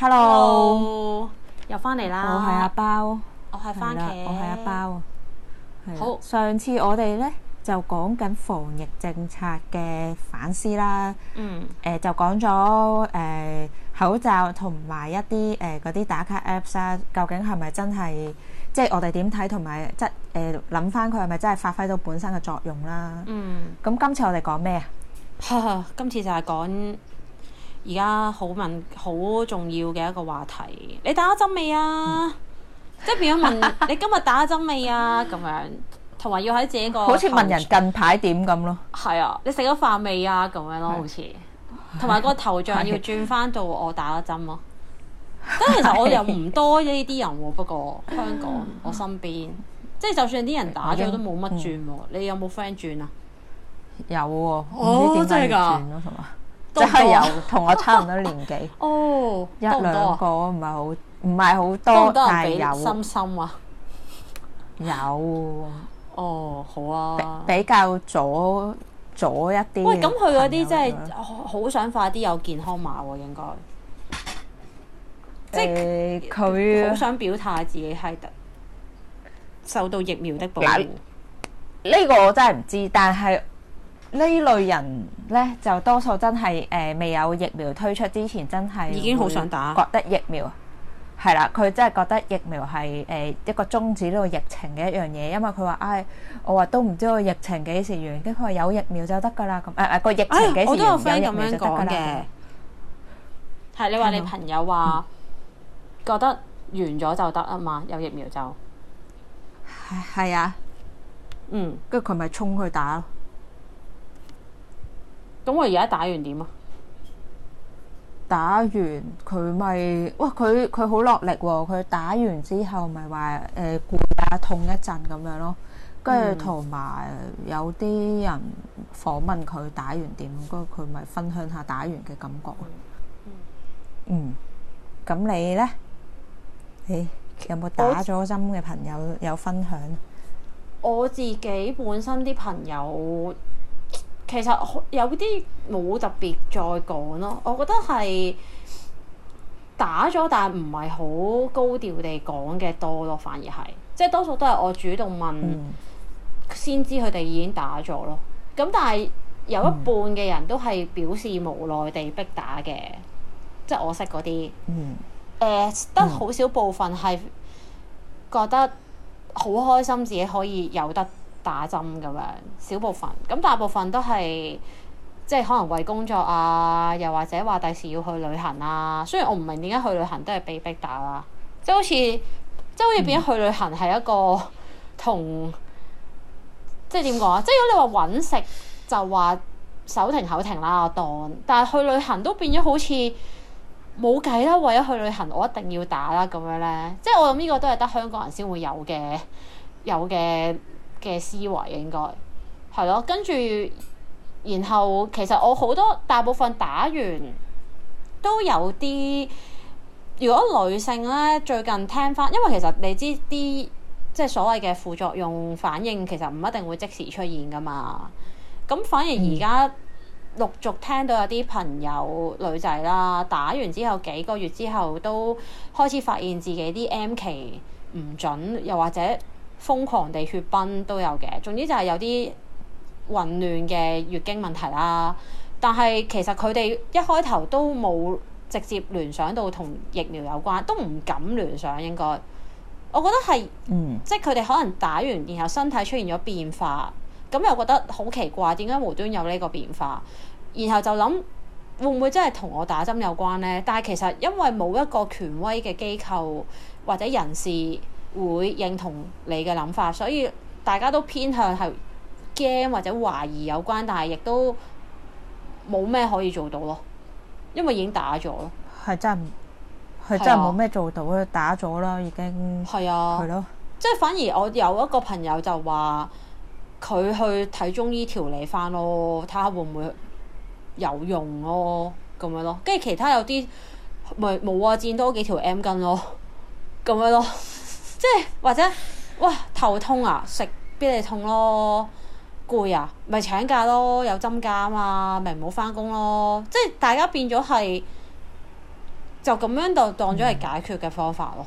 Hello，又翻嚟啦！我係阿包，我係番茄，我係阿包。好，上次我哋咧就講緊防疫政策嘅反思啦。嗯。誒、呃，就講咗誒口罩同埋一啲誒嗰啲打卡 apps 啊，究竟係咪真係即係我哋點睇，同埋即係誒諗翻佢係咪真係發揮到本身嘅作用啦？嗯。咁今次我哋講咩啊？ 今次就係講。而家好問好重要嘅一個話題，你打咗針未啊？嗯、即係變咗問 你今日打咗針未啊？咁樣，同埋要喺自己個，好似問人近排點咁咯。係啊，你食咗飯未啊？咁樣咯，好似，同埋個頭像要轉翻到我打咗針咯。咁是其實我又唔多呢啲人喎、啊，不過是香港我身邊即係 就算啲人打咗都冇乜轉喎。你有冇 friend 轉啊？嗯、你有喎、啊啊啊哦。哦，真係㗎。哦真係有同我差唔多年紀， 哦、多多一兩個唔係好唔係好多，多多心心但係有。心心啊！有哦，好啊，比，比較咗，咗一啲。喂，咁佢嗰啲真係好想快啲有健康碼喎、啊，應該。嗯、即係佢好想表態自己係得受到疫苗的保護。呢個我真係唔知，但係。呢類人咧就多數真係誒未有疫苗推出之前，真係已經好想打，覺得疫苗係啦。佢真係覺得疫苗係誒、呃、一個終止呢個疫情嘅一樣嘢，因為佢話，唉、哎，我話都唔知個疫情幾時完，跟住佢話有疫苗就得㗎喇。咁誒誒個疫情幾時完？我都有 friend 咁樣講嘅。有疫苗就得啦。係你話你朋友話覺得完咗就得啊嘛？有疫苗就係係啊，嗯，跟住佢咪衝去打咯。咁我而家打完點啊？打完佢咪，哇！佢佢好落力喎，哦。佢打完之後咪話誒、攰、呃、啊，痛一陣咁樣咯。跟住同埋有啲人訪問佢打完點，跟住佢咪分享下打完嘅感覺。嗯。嗯。咁你呢？誒，有冇打咗針嘅朋友有分享？我，我自己本身啲朋友。其實有啲冇特別再講咯，我覺得係打咗，但唔係好高調地講嘅多咯，反而係，即係多數都係我主動問、嗯、先知佢哋已經打咗咯。咁但係有一半嘅人都係表示無奈地逼打嘅，嗯、即係我識嗰啲。得好、嗯呃、少部分係覺得好開心自己可以有得。打針咁樣，小部分，咁大部分都係，即係可能為工作啊，又或者話第時要去旅行啊。雖然我唔明點解去旅行都係被逼打啦，即係好似即係好似變咗去旅行係一個同即係點講啊？即係如果你話揾食就話手停口停啦，當但係去旅行都變咗好似冇計啦。為咗去旅行，我一定要打啦咁樣呢，即係我諗呢個都係得香港人先會有嘅，有嘅。嘅思維應該係咯，跟住然後其實我好多大部分打完都有啲，如果女性咧最近聽返，因為其實你知啲即係所謂嘅副作用反應，其實唔一定會即時出現㗎嘛。咁反而而家陸續聽到有啲朋友女仔啦打完之後幾個月之後都開始發現自己啲 M 期唔準，又或者。瘋狂地血崩都有嘅，總之就係有啲混亂嘅月經問題啦。但係其實佢哋一開頭都冇直接聯想到同疫苗有關，都唔敢聯想應該。我覺得係，嗯，即係佢哋可能打完，然後身體出現咗變化，咁又覺得好奇怪，點解無端有呢個變化？然後就諗會唔會真係同我打針有關呢？但係其實因為冇一個權威嘅機構或者人士。會認同你嘅諗法，所以大家都偏向係驚或者懷疑有關，但係亦都冇咩可以做到咯，因為已經打咗、啊、咯。係真係，係真係冇咩做到咧，打咗啦已經。係啊，係咯。即係反而我有一個朋友就話，佢去睇中醫調理翻咯，睇下會唔會有用咯，咁樣咯。跟住其他有啲咪冇啊，剪多幾條 M 巾咯，咁樣咯。即係或者，哇，頭痛啊，食必理痛咯。攰啊，咪請假咯，有針假啊嘛，咪唔好返工咯。即係大家變咗係就咁樣就當咗係解決嘅方法咯。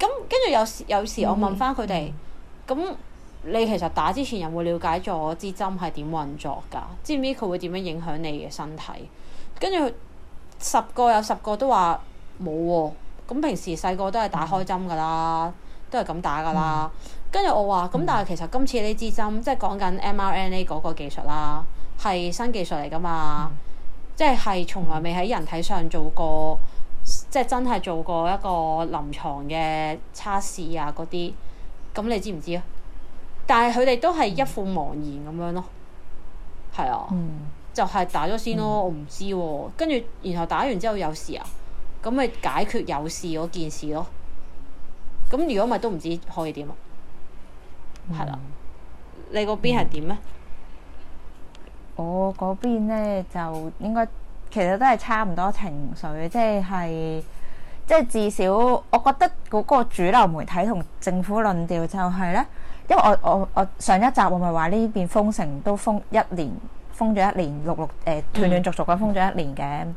咁跟住有時，有時我問翻佢哋，咁你其實打之前有冇了解咗支針係點運作㗎，知唔知佢會點樣影響你嘅身體？跟住十個有十個都話冇喎。咁平時細個都係打開針噶啦，都係咁打噶啦。跟住、嗯、我話，咁但係其實今次呢支針，嗯、即係講緊 mRNA 嗰個技術啦，係新技術嚟噶嘛，嗯、即係係從來未喺人體上做過，嗯、即係真係做過一個臨床嘅測試啊嗰啲。咁、嗯、你知唔知啊？但係佢哋都係一副茫然咁樣咯，係、嗯、啊，嗯、就係打咗先咯。我唔知喎，跟住然後打完之後有事啊？咁咪解決有事嗰件事咯。咁如果咪都唔知可以點咯。係啦、嗯，你嗰邊係點呢？我嗰邊呢就應該其實都係差唔多情緒，即係即係至少我覺得嗰個主流媒體同政府論調就係、是、呢。因為我我我上一集我咪話呢邊封城都封一年。封咗一年，陸陸誒斷斷續續咁封咗一年嘅，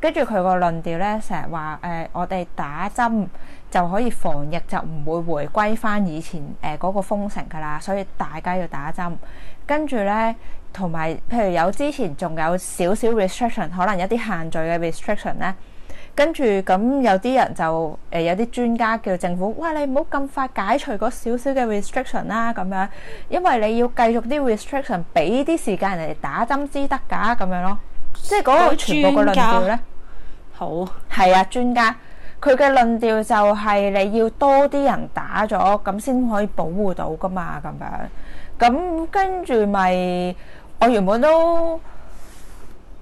跟住佢個論調咧，成日話誒，我哋打針就可以防疫，就唔會回歸返以前誒嗰、呃嗰個封城噶啦，所以大家要打針。跟住咧，同埋譬如有之前仲有少少 restriction，可能一啲限聚嘅 restriction 咧，跟住咁有啲人就誒、呃、有啲專家叫政府，喂，你唔好咁快解除嗰少少嘅 restriction 啦，咁樣，因為你要繼續啲 restriction，俾啲時間人哋打針先得㗎，咁樣咯。即係嗰個全部嘅論調咧。好。係啊，專家，佢嘅論調就係你要多啲人打咗，咁先可以保護到噶嘛，咁樣。咁跟住咪、就是，我原本都。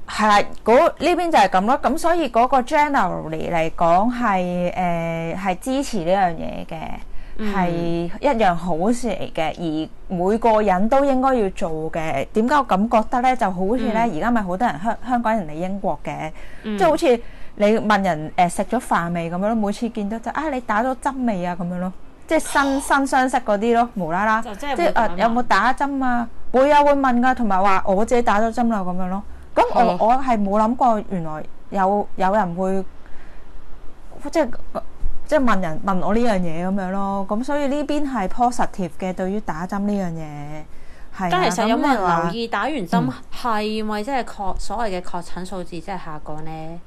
係啦，嗰呢邊就係咁咯。咁、啊、所以嗰個 generally 嚟講係誒係、呃、支持呢樣嘢嘅，係、嗯、一樣好事嚟嘅，而每個人都應該要做嘅。點解我咁覺得咧？就好似咧，而家咪好多人香香港人嚟英國嘅，即係、嗯、好似你問人誒食咗飯未咁樣咯。每次見到就啊，你打咗針未啊？咁樣咯，即係新新相識嗰啲咯，無啦啦，即係啊有冇打針啊？會啊，會問㗎，同埋話我自己打咗針啦咁樣咯。咁我我係冇諗過，原來有有人會即係即係問人問我呢樣嘢咁樣咯。咁所以呢邊係 positive 嘅，對於打針呢樣嘢，係、啊。咁其實有冇人留意打完針係咪即係確所謂嘅確診數字即係、就是、下降呢？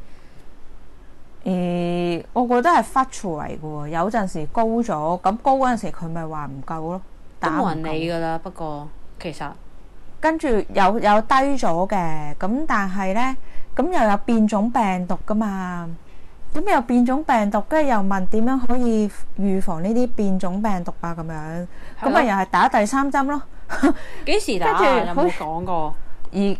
誒、欸，我覺得係 fluctuate 喎，有陣時高咗，咁高嗰陣時佢咪話唔夠咯，都冇人理噶啦。不過其實。跟住有有低咗嘅，咁但係呢，咁又有變種病毒㗎嘛？咁又變種病毒，跟住又問點樣可以預防呢啲變種病毒啊？咁樣，咁咪又係打第三針咯。幾時打？有冇講過？而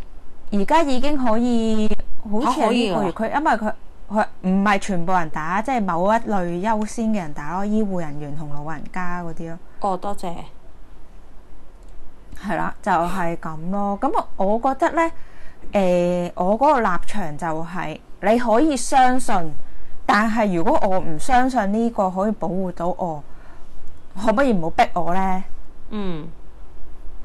而家已經可以好似幾個月，佢因為佢佢唔係全部人打，即係某一類優先嘅人打咯，醫護人員同老人家嗰啲咯。哦，多謝。係啦，就係、是、咁咯。咁我覺得呢，誒、呃，我嗰個立場就係你可以相信，但係如果我唔相信呢個可以保護到我，可不可以唔好逼我呢？嗯，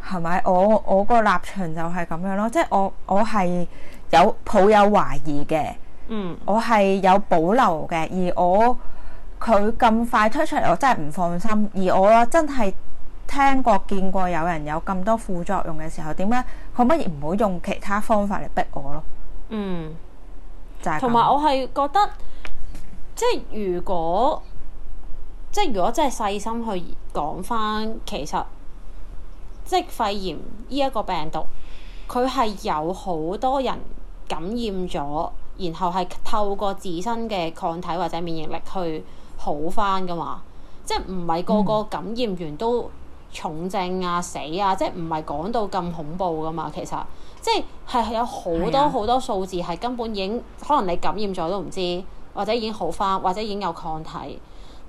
係咪？我我個立場就係咁樣咯，即係我我係有抱有懷疑嘅，嗯，我係有保留嘅，而我佢咁快推出嚟，我真係唔放心，而我真係。聽過見過有人有咁多副作用嘅時候，點解可乜嘢唔好用其他方法嚟逼我咯？嗯，就係。同埋我係覺得，即係如果，即係如果真係細心去講翻，其實即係肺炎呢一個病毒，佢係有好多人感染咗，然後係透過自身嘅抗體或者免疫力去好翻噶嘛？即係唔係個個感染完都、嗯？重症啊，死啊，即係唔係講到咁恐怖噶嘛？其實即係係有好多好多數字，係根本已經可能你感染咗都唔知，或者已經好翻，或者已經有抗體，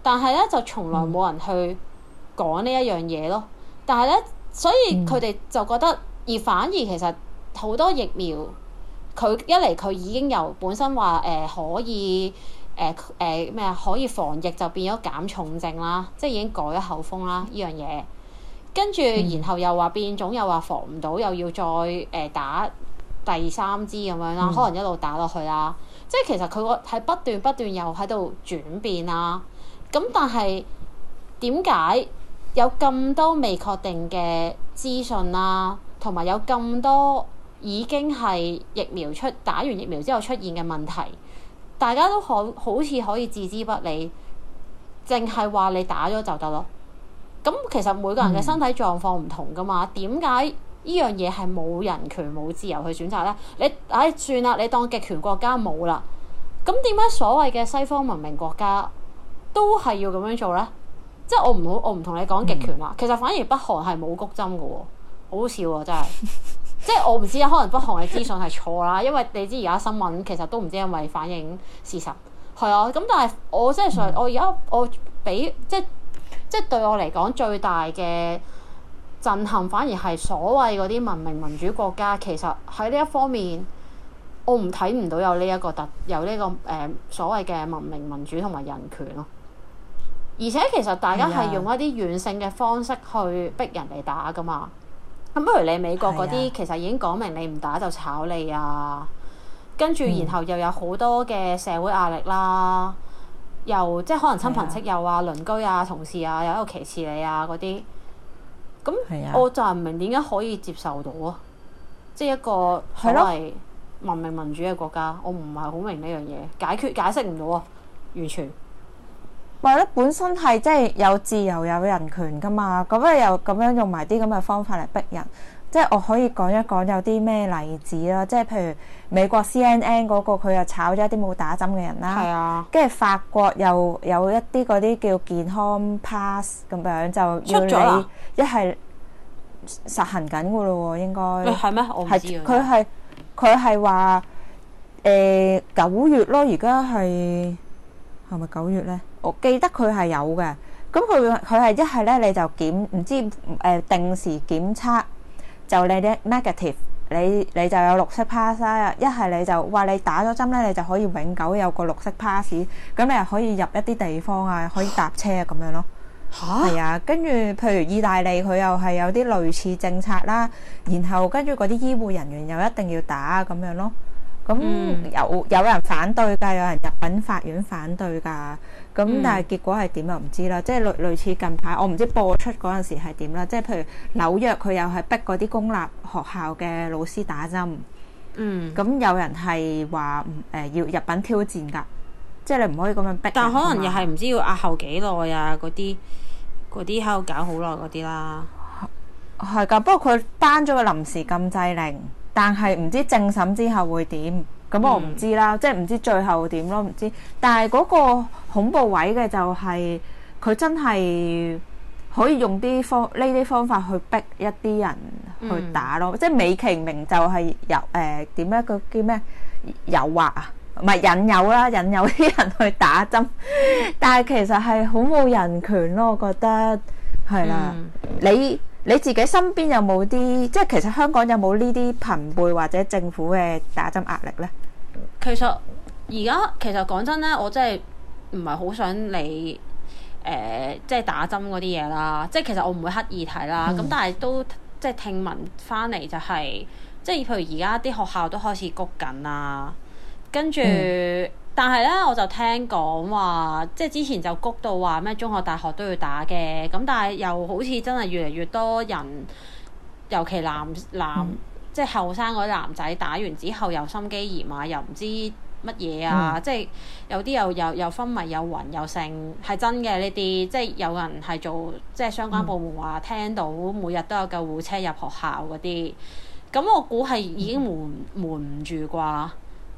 但係咧就從來冇人去講呢一樣嘢咯。但係咧，所以佢哋就覺得，嗯、而反而其實好多疫苗，佢一嚟佢已經由本身話誒、呃、可以誒誒咩啊，可以防疫就變咗減重症啦，即係已經改咗口風啦呢樣嘢。嗯跟住，嗯、然後又話變種，又話防唔到，又要再誒、呃、打第三支咁樣啦，可能一路打落去啦。嗯、即係其實佢個係不斷不斷又喺度轉變啦。咁但係點解有咁多未確定嘅資訊啦？同埋有咁多已經係疫苗出打完疫苗之後出現嘅問題，大家都可好似可以置之不理，淨係話你打咗就得咯？咁、嗯、其實每個人嘅身體狀況唔同噶嘛，點解呢樣嘢係冇人權、冇自由去選擇呢？你，唉算啦，你當極權國家冇啦。咁點解所謂嘅西方文明國家都係要咁樣做呢？即、就、係、是、我唔好，我唔同你講極權啦。嗯、其實反而北韓係冇谷針嘅喎、哦，好笑啊、哦！真係，即係 我唔知，可能北韓嘅資訊係錯啦。 因為你知而家新聞其實都唔知因為反映事實。係啊、哦，咁但係我真係想，我而家我俾即係。即係對我嚟講，最大嘅震撼反而係所謂嗰啲文明民主國家，其實喺呢一方面，我唔睇唔到有呢一個特有呢、這個呢個誒、呃、所謂嘅文明民主同埋人權咯。而且其實大家係用一啲軟性嘅方式去逼人嚟打㗎嘛。咁不是、啊、如你美國嗰啲，是啊、其實已經講明你唔打就炒你啊。跟住然後又有好多嘅社會壓力啦。嗯嗯又即係可能親朋戚友啊、的鄰居啊、同事啊，又喺度歧視你啊嗰啲，咁的我就唔明點解可以接受到啊！即係一個所謂文明民主嘅國家，的我唔係好明呢樣嘢，解決解釋唔到啊，完全。或者本身係即係有自由有人權㗎嘛，咁你又咁樣用埋啲咁嘅方法嚟逼人。即係我可以講一講有啲咩例子啦，即係譬如美國 CNN 嗰個佢又炒咗一啲冇打針嘅人啦。係啊，跟住法國又有一啲嗰啲叫健康 pass 咁樣，就要你一係實行緊㗎喇喎，應該係咩？我唔知啊，佢係佢係話誒九月咯，而家係係咪九月咧？我記得佢係有嘅，咁佢佢係一係咧，你就檢唔知誒定時檢測。就你啲 negative，你你就有綠色 pass 啊！一係你就話你打咗針咧，你就可以永久有個綠色 pass，咁你又可以入一啲地方啊，可以搭車啊咁樣咯。嚇蛤！係啊，跟住譬如意大利佢又係有啲類似政策啦，然後跟住嗰啲醫護人員又一定要打咁樣咯。咁、嗯嗯、有有人反對㗎，有人入稟法院反對㗎，咁、嗯嗯、但係結果係點又唔知啦。即係類類似近排，我唔知播出嗰陣時係點啦。即係譬如紐約佢又係逼嗰啲公立學校嘅老師打針。嗯。咁、嗯、有人係話唔誒要入稟挑戰㗎，即係你唔可以咁樣逼。但可能又係唔知要押後幾耐啊？嗰啲嗰啲喺度搞好耐嗰啲啦。係㗎，不過佢頒咗個臨時禁制令。但係唔知政審之後會點？咁我唔知啦，嗯、即係唔知最後點咯，唔知。但係嗰個恐怖位嘅就係、是、佢真係可以用啲方呢啲方法去逼一啲人去打咯，嗯、即係美其名就係由誒點、呃、樣個叫咩誘惑啊，唔係引誘啦，引誘啲人去打針。但係其實係好冇人權咯，我覺得係啦，嗯、你。你自己身邊有冇啲，即係其實香港有冇呢啲朋輩或者政府嘅打針壓力呢？其實而家其實講真咧，我真係唔係好想你誒、呃，即係打針嗰啲嘢啦。即係其實我唔會刻意睇啦，咁、嗯、但係都即係聽聞翻嚟就係、是，即係譬如而家啲學校都開始谷緊啦，跟住。嗯。但係咧，我就聽講話，即係之前就谷到話咩中學、大學都要打嘅，咁但係又好似真係越嚟越多人，尤其男男即係後生嗰啲男仔打完之後又心肌炎啊，又唔知乜嘢啊，嗯、即係有啲又又又昏迷、又暈、又剩，係真嘅呢啲，即係有人係做即係相關部門話聽到每日都有救護車入學校嗰啲，咁我估係已經瞞瞞唔住啩。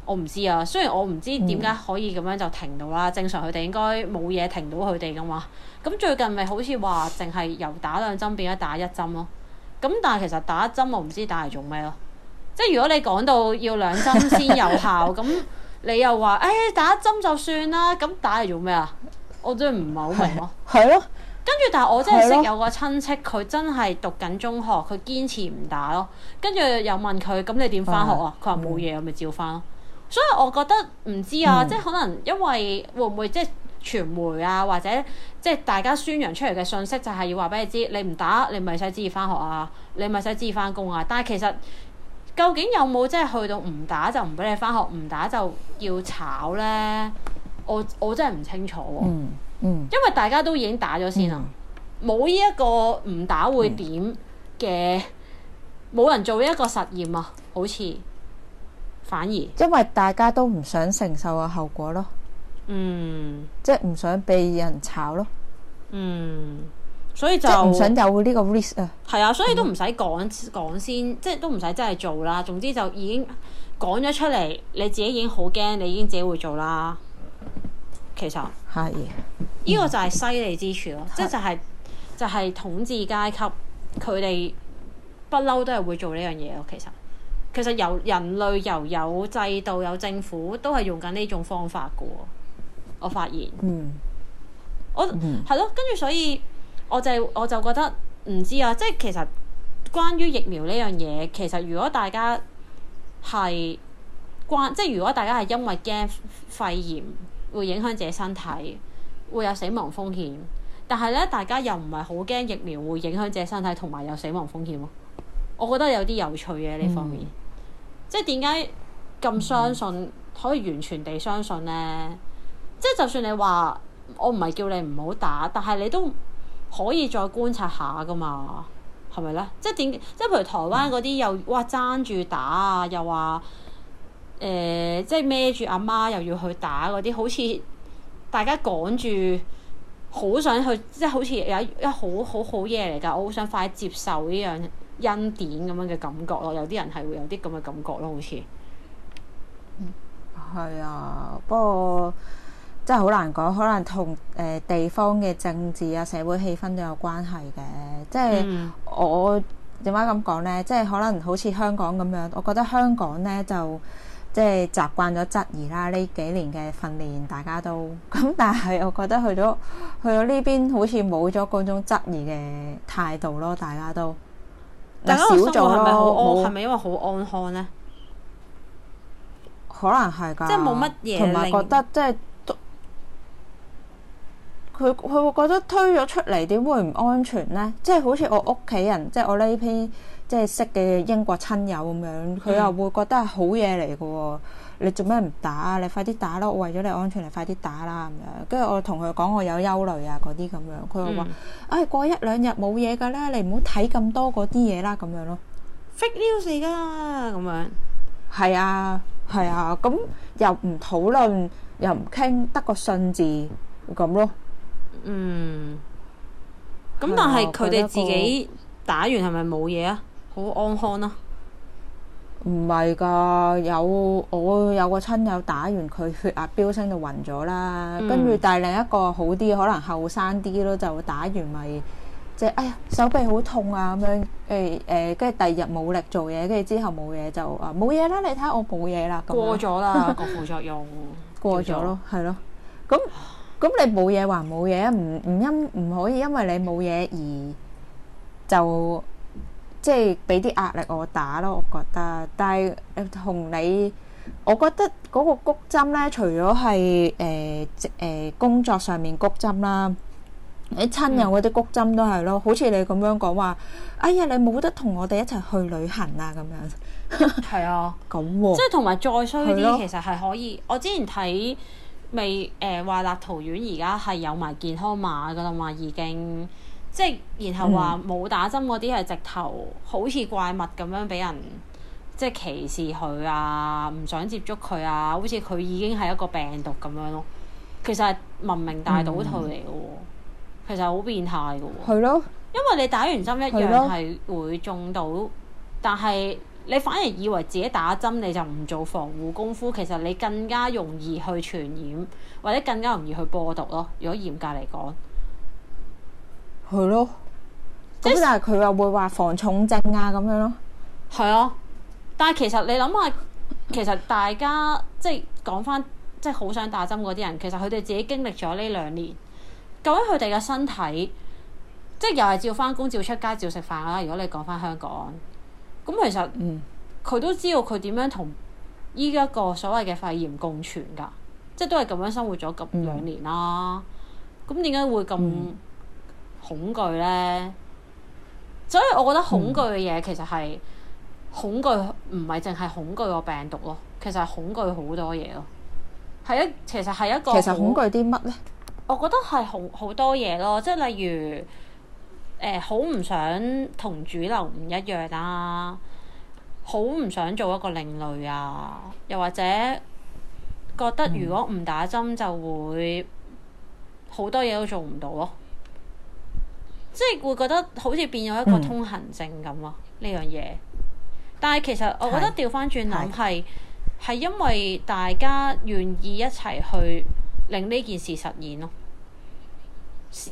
我唔知啊，雖然我唔知點解可以咁樣就停到啦。嗯、正常佢哋應該冇嘢停到佢哋噶嘛。咁最近咪好似話淨係由打兩針變咗打一針咯、啊。咁但係其實打一針我唔知打嚟做咩咯、啊。即係如果你講到要兩針先有效，咁 你又話誒、哎、打一針就算啦。咁打嚟做咩啊？我真係唔係好明咯、啊。係咯。 跟住但係我真係識有個親戚，佢 真係讀緊中學，佢堅持唔打咯。跟住又問佢，咁你點返學啊？佢話冇嘢，我咪照返咯。所以我覺得唔知啊，嗯、即係可能因為會唔會即係傳媒啊，或者即係大家宣揚出嚟嘅信息就係要話俾你知，你唔打你咪使旨意翻學啊，你咪使旨意翻工啊。但係其實究竟有冇即係去到唔打就唔俾你翻學，唔打就要炒咧？我我真係唔清楚喎、啊。嗯嗯、因為大家都已經打咗先啦，冇依、嗯、一個唔打會點嘅，冇人做一個實驗啊，好似。反而，因為大家都唔想承受嘅後果咯。嗯，即係唔想被人炒咯。嗯，所以就唔想有呢個 risk 啊。係啊，所以都唔使講講先，即係都唔使真係做啦。總之就已經講咗出嚟，你自己已經好驚，你已經自己會做啦。其實係，呢的個就係犀利之處咯。的即係就係、是、就係、是、統治階級，佢哋不嬲都係會做呢樣嘢咯。其實。其實由人類又有制度有政府都係用緊呢種方法嘅，我發現。嗯。我係咯、嗯，跟住所以我就我就覺得唔知啊。即係其實關於疫苗呢樣嘢，其實如果大家係關即係如果大家係因為驚肺炎會影響自己身體，會有死亡風險，但係咧大家又唔係好驚疫苗會影響自己身體同埋有死亡風險咯、啊。我覺得有啲有趣嘅呢方面。嗯即係點解咁相信可以完全地相信呢？即係就算你話我唔係叫你唔好打，但係你都可以再觀察下㗎嘛，係咪呢？即係點？即係譬如台灣嗰啲又話爭住打啊，又話誒、呃，即係孭住阿媽又要去打嗰啲，好似大家趕住好想去，即係好似有一一好好好嘢嚟㗎，我好想快啲接受呢樣。恩典咁樣嘅感覺咯，有啲人係會有啲咁嘅感覺咯，好似嗯係啊，不過真係好難講，可能同誒、呃、地方嘅政治啊、社會氣氛都有關係嘅。即係、嗯、我點解咁講呢？即係可能好似香港咁樣，我覺得香港呢，就即係習慣咗質疑啦。呢幾年嘅訓練，大家都咁，但係我覺得去咗去到呢邊好似冇咗嗰種質疑嘅態度咯，大家都。但嗰個係咪了好安？係咪因為好安康咧？可能係㗎，即係冇乜嘢同埋覺得靈即都，佢佢會覺得推咗出嚟點會唔安全咧？即係好似我屋企人，嗯、即係我呢邊即係識嘅英國親友咁樣，佢又會覺得係好嘢嚟嘅喎。你做咩唔打啊？你快啲打咯！我為咗你安全你快啲打啦咁樣。跟住我同佢講，我有憂慮啊，嗰啲咁樣。佢又話，唉、嗯哎，過一兩日冇嘢噶啦，你唔好睇咁多嗰啲嘢啦，咁樣咯。Fake news 噶、啊，咁樣。係啊，係啊，咁又唔討論，又唔傾，得個信字咁咯。嗯。咁、嗯、但係佢哋自己打完係咪冇嘢啊？好安康啊。唔係㗎，有我有個親友打完，佢血壓飆升就暈咗啦，跟住、嗯、但係另一個好啲，可能後生啲咯，就打完咪即係哎呀手臂好痛啊咁樣，誒誒跟住第二日冇力做嘢，跟住之後冇嘢就啊冇嘢啦，你睇下，我冇嘢啦， 過咗啦，個副作用過咗咯，係咯， 咁咁你冇嘢還冇嘢，唔唔因唔可以因為你冇嘢而就。即係俾啲壓力我打咯，我覺得。但係同你，我覺得嗰個谷針咧，除咗係誒誒工作上面谷針啦，啲親友嗰啲谷針都係咯。嗯、好似你咁樣講話，哎呀，你冇得同我哋一齊去旅行啊咁樣。係啊，咁、 啊、即係同埋再衰啲，咯其實係可以。我之前睇美誒話立陶宛而家係有埋健康碼噶啦嘛，已經。即係，然後話冇打針嗰啲係直頭好似怪物咁樣俾人、嗯、即係歧視佢啊，唔想接觸佢啊，好似佢已經係一個病毒咁樣咯。其實係文明大倒退嚟嘅喎，嗯、其實好變態嘅喎。係咯，因為你打完針一樣係會中到，咯但係你反而以為自己打針你就唔做防護功夫，其實你更加容易去傳染，或者更加容易去播毒咯。如果嚴格嚟講。係咯，咁但係佢又會話防重症啊，咁樣咯。係啊，但係其實你諗下，其實大家即係講翻，即係好想打針嗰啲人，其實佢哋自己經歷咗呢兩年，究竟佢哋嘅身體，即係又係照翻工、照出街、照食飯啦。如果你講翻香港，咁其實嗯，佢、嗯、都知道佢點樣同依一個所謂嘅肺炎共存噶，即係都係咁樣生活咗咁兩年啦、啊。咁點解會咁？嗯恐懼咧，所以我覺得恐懼嘅嘢其實係恐懼，唔係淨係恐懼個病毒咯，其實係恐懼好多嘢咯。係一其實係一個其實恐懼啲乜咧？我覺得係好好多嘢咯，即係例如誒好唔想同主流唔一樣啊，好唔想做一個另類啊，又或者覺得如果唔打針就會好多嘢都做唔到咯。嗯即係會覺得好似變咗一個通行證咁啊，呢、嗯、樣嘢。但係其實我覺得調翻轉諗係係因為大家願意一齊去令呢件事實現咯，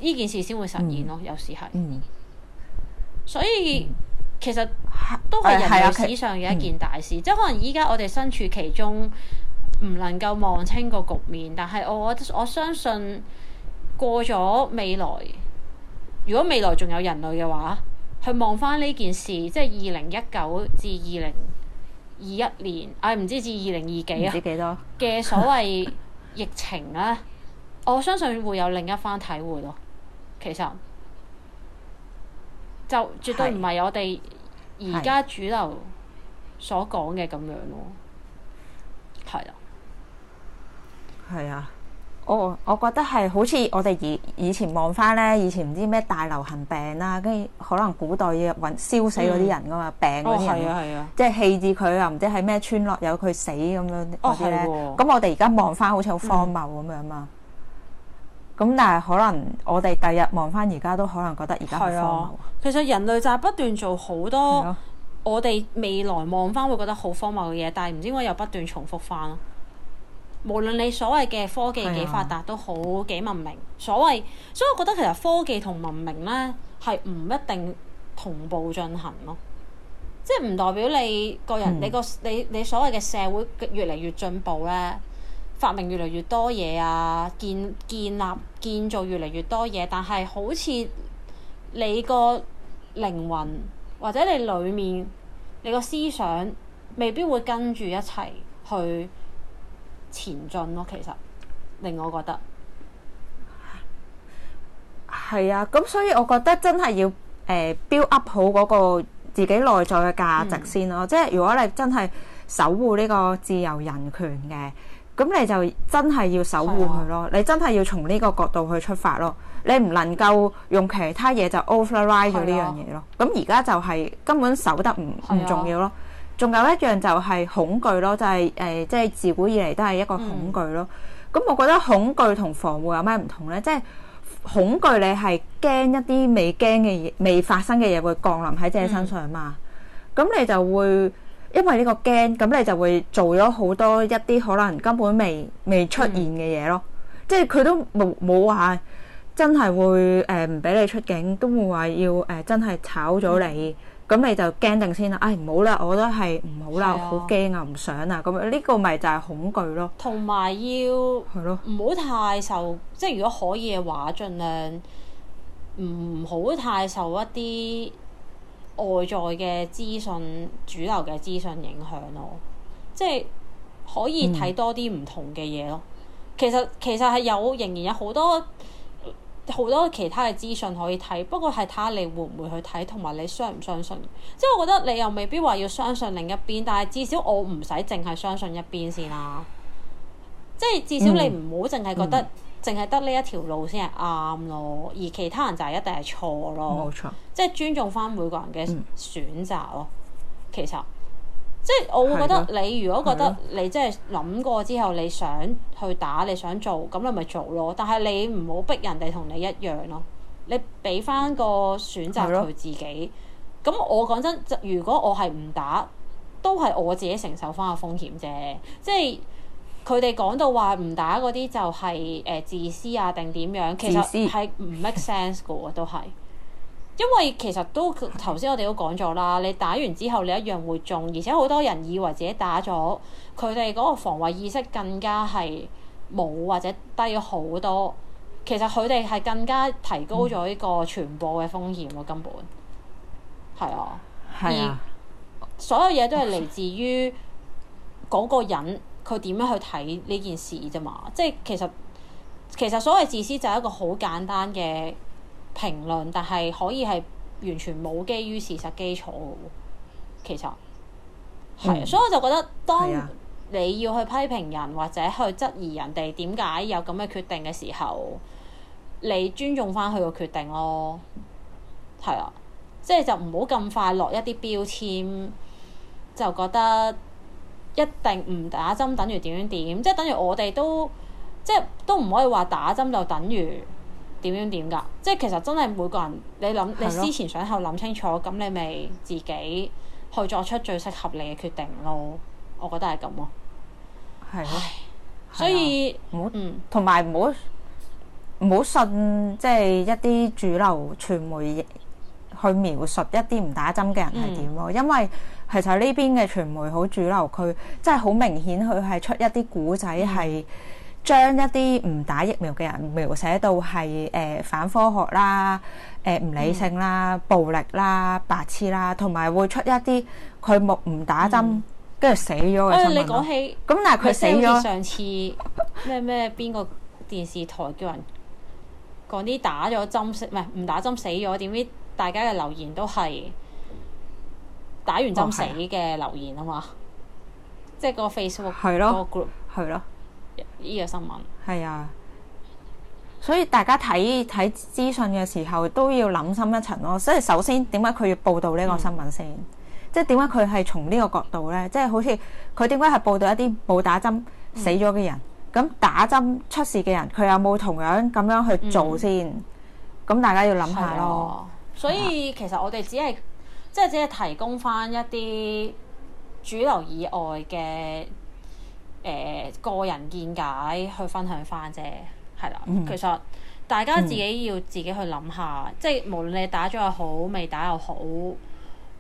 呢件事先會實現咯，嗯、有時係。嗯、所以其實都係人類史上嘅一件大事，哎嗯、即係可能依家我哋身處其中，唔能夠望清個局面，但係我我相信過咗未來。如果未來仲有人類嘅話，去望翻呢件事，即係二零一九至二零二一年，唉、哎，唔知至二零二幾啊？唔知幾多嘅所謂 疫情啊，我相信會有另一番體會咯。其實就絕對唔係我哋而家主流所講嘅咁樣咯。係啊，係啊。我、oh, 我覺得係好似我哋以以前望翻咧，以前唔知咩大流行病啦、啊，跟住可能古代嘅揾燒死嗰啲人噶、啊、嘛，病嗰啲嘢，即係棄置佢啊，唔、嗯哦、知喺咩村落有佢死咁樣啲咧。咁我哋而家望翻好似好荒謬咁樣嘛。咁但係可能我哋第日望翻而家都可能覺得而家係啊。其實人類就係不斷做好多的我哋未來望翻會覺得好荒謬嘅嘢，但係唔知點解又不斷重複翻咯。無論你所謂嘅科技幾發達，啊、都好幾文明。所謂，所以我覺得其實科技同文明呢係唔一定同步進行咯。即係唔代表你個人，嗯、你個你你所謂嘅社會越嚟越進步呢，發明越嚟越多嘢啊，建建立建造越嚟越多嘢，但係好似你個靈魂或者你裡面你個思想，未必會跟住一齊去。前進咯，其實令我覺得係啊，咁所以我覺得真係要誒 build、呃、up 好嗰個自己內在嘅價值先咯。嗯、即係如果你真係守護呢個自由人權嘅，咁你就真係要守護佢咯。啊、你真係要從呢個角度去出發咯。你唔能夠用其他嘢就 override 咗呢樣嘢咯。咁而家就係根本守得唔唔、啊、重要咯。仲有一樣就係恐懼咯，就係、是、誒，即、呃、係自古以嚟都係一個恐懼咯。咁、嗯嗯、我覺得恐懼同防護有咩唔同呢？即係恐懼你係驚一啲未驚嘅嘢，未發生嘅嘢會降臨喺自己身上嘛？咁、嗯、你就會因為呢個驚，咁你就會做咗好多一啲可能根本未未出現嘅嘢咯。嗯、即係佢都冇冇話真係會誒唔俾你出境，都會話要誒、呃、真係炒咗你。嗯咁你就驚定先啦！唉、哎，唔好啦，我都係唔好啦，好驚啊，唔想啊，咁呢個咪就係恐懼咯。同埋要係咯，唔好太受，的即係如果可以嘅話，盡量唔好太受一啲外在嘅資訊、主流嘅資訊影響咯。即係可以睇多啲唔同嘅嘢咯、嗯其。其實其實係有，仍然有好多。好多其他嘅資訊可以睇，不過係睇下你會唔會去睇，同埋你相唔相信。即係我覺得你又未必話要相信另一邊，但係至少我唔使淨係相信一邊先啦，啊。即係至少你唔好淨係覺得，淨係得呢一條路先係啱咯，而其他人就係一定係錯咯。冇錯，即係尊重翻每個人嘅選擇咯。嗯、其實。即係我會覺得你如果覺得你真係諗過之後，你想去打你想做，咁你咪做咯，但係你唔好逼人哋同你一樣咯。你俾翻個選擇佢自己。咁對咯 我講真，如果我係唔打，都係我自己承受翻個風險啫。即係佢哋講到話唔打嗰啲就係誒自私啊定點樣？其實係唔 make sense 嘅，都係。因為其實都頭先我哋都講咗啦，你打完之後你一樣會中，而且好多人以為自己打咗，佢哋嗰個防衞意識更加係冇或者低好多。其實佢哋係更加提高咗呢個傳播嘅風險咯，啊，嗯，根本係啊。係啊，所有嘢都係嚟自於嗰個人佢點樣去睇呢件事啫嘛。即係其實其實所謂自私就係一個好簡單嘅評論，但係可以係完全冇基於事實基礎其實係，嗯、所以我就覺得，當你要去批評人的或者去質疑人哋點解有咁嘅決定嘅時候，你尊重翻佢個決定咯，係啊，即係就唔好咁快落一啲標籤，就覺得一定唔打針等於點樣點，即係等於我哋都即係都唔可以話打針就等於。點樣點㗎？即係其實真係每個人，你諗，你思前想後諗清楚，咁的你咪自己去作出最適合你嘅決定咯。我覺得係咁喎。係咯的。所以唔好，同埋唔好信，即係一啲主流傳媒去描述一啲唔打針嘅人係點咯。嗯、因為其實呢邊嘅傳媒好主流，佢真係好明顯，佢係出一啲古仔係。嗯將一啲唔打疫苗嘅人描寫到係誒、呃、反科學啦、誒、呃、唔理性啦、暴力啦、白痴啦，同埋會出一啲佢目唔打針跟住、嗯、死咗嘅新聞、哎我哎、你講起咁，但係佢死咗，上次咩咩邊個電視台叫人講啲打咗針死，唔係唔打針死咗？點知大家嘅留言都係打完針死嘅留言啊嘛、哦嗯嗯？即係個 Facebook 係咯的，group 係咯。呢個新聞係啊，所以大家睇睇資訊嘅時候都要諗深一層咯。所以首先，點解佢要報道呢個新聞先？嗯、即係點解佢係從呢個角度呢？即係好似佢點解係報道一啲冇打針死咗嘅人？咁、嗯、打針出事嘅人，佢有冇同樣咁樣去做先？咁、嗯、大家要諗下咯。所以其實我哋只係即係只係提供翻一啲主流以外嘅。誒、呃、個人見解去分享返啫，係啦。Mm hmm. 其實大家自己要自己去諗下，mm hmm. 即係無論你打咗又好，未打又好，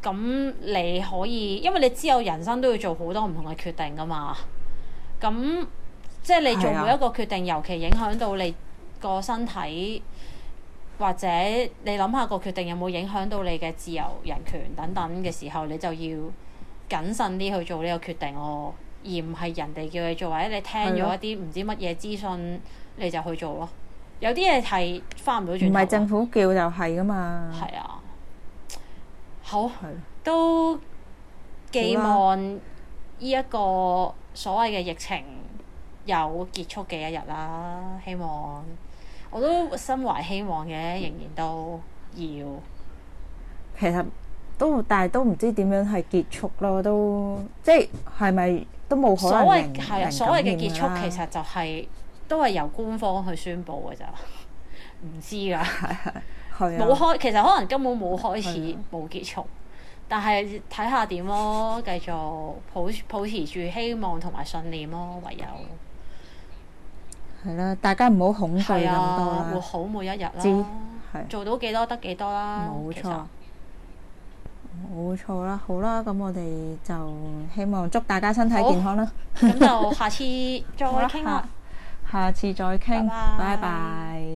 咁你可以，因為你知有人生都要做好多唔同嘅決定噶嘛。咁即係你做每一個決定，Yeah. 尤其影響到你個身體，或者你諗下個決定有冇影響到你嘅自由、人權等等嘅時候，你就要謹慎啲去做呢個決定咯。而唔係人哋叫你做，或者你聽咗一啲唔知乜嘢資訊，係啊。你就去做咯。有啲嘢係翻唔到轉頭。唔係政府叫就係噶嘛。係啊，好，係啊。都寄望呢一個所謂嘅疫情有結束嘅一日啦。希望我都心懷希望嘅，仍然都要。嗯、其實都，但係都唔知點樣係結束咯。都即係係咪？是都能能所謂係啊，所謂嘅結束其實就係都係由官方去宣布嘅咋，唔 知㗎，係冇 開的其實可能根本冇開始冇結束，但係睇下點咯，繼續保保持住希望同埋信念咯，唯有係啦，大家唔好恐懼咁多、啊、活好每一日啦，做到幾多得幾多啦，冇錯。冇錯啦，好啦，咁我哋就希望祝大家身體健康啦。咁就下次 再傾下，下次再傾，拜拜 bye。Bye bye